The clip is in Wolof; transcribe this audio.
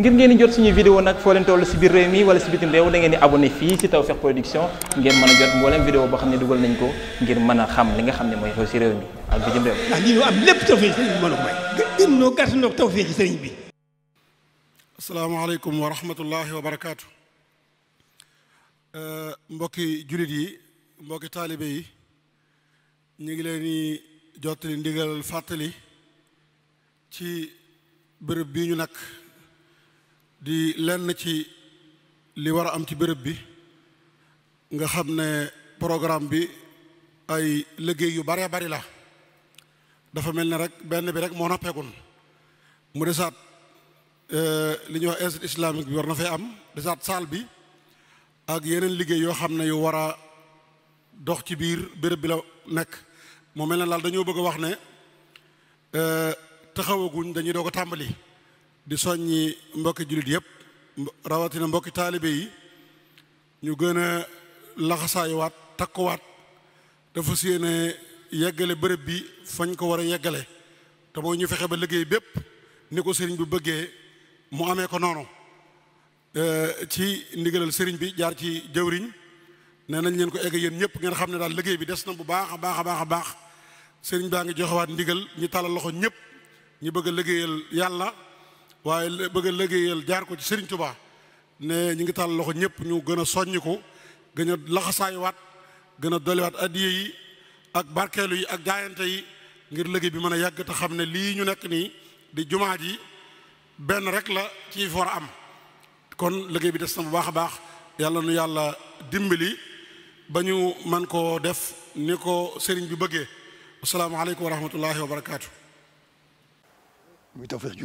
ngir ngeen jot suñu vidéo nag foo leen toll si biir réew mi wala si bitim réew da ngeen di abonné fii si Tawfekh Production ngeen mën a jot mboolem vidéo boo xam ne dugal nañ ko ngir mën a xam li nga xam ne mooy xew si réew mi ak bitim réew. ndax lii ñu am lépp tawfeex sëriñ bi mën a sëriñ bi. asalaamaaleykum wa rahmatullahi wa eh, mbokki jullit yi mbokki taalibe yi ñu ngi leen di jottali ndigal fàttali ci bërëb bii ñu nag. di lenn ci li war a am ci béréb bi nga xam ne programme bi ay liggéey yu bare bari la dafa mel ne rek benn bi rek moo noppeekun mu desaat eh, li ñuy wax institut islamique bi war na fay am desaat saal bi ak yeneen liggéey yoo xam ne yu war a dox ci biir béréb bi la nekk moo mel ne daal dañoo bëgg wax ne eh, taxawaguñ dañuy doog a tàmbali di soññi mbokki jullit yëpp rawatina mbokki taalibe yi ñu gën a laxasaayuwaat takkuwaat dafa si yéene yeggale bërëb bi fañ ko war a yeggale te mooy ñu fexe ba liggéey bépp ni ko sëriñ bi bëggee mu amee ko noonu ci ndigalal sëriñ bi jaar ci jëwriñ nee nañ leen ko egg yéen ñëpp ngeen xam ne daal liggéey bi des na bu baax a baax a baax a baax sëriñ baa ngi joxewaat ndigal ñu talal loxo ñëpp ñu bëgg a yàlla waaye bëgg a liggéeyal jaar ko ci sëriñ tubaa ne ñu ngi tàll loxo ñëpp ñu gën a soññiku gën a laxasaayuwaat gën a doliwaat addiye yi ak barkeelu yi ak jaayante yi ngir liggéey bi mën a yàgg te xam ne lii ñu nekk nii di jumaa ji benn rek la ci for am kon liggéey bi des na bu baax a baax yàlla nu yàlla dimbali ba ñu man koo def ni ko sëriñ bi bëggee asalaamaaleykum wa rahmatullahi wa barakaatu. muy tawfeex ju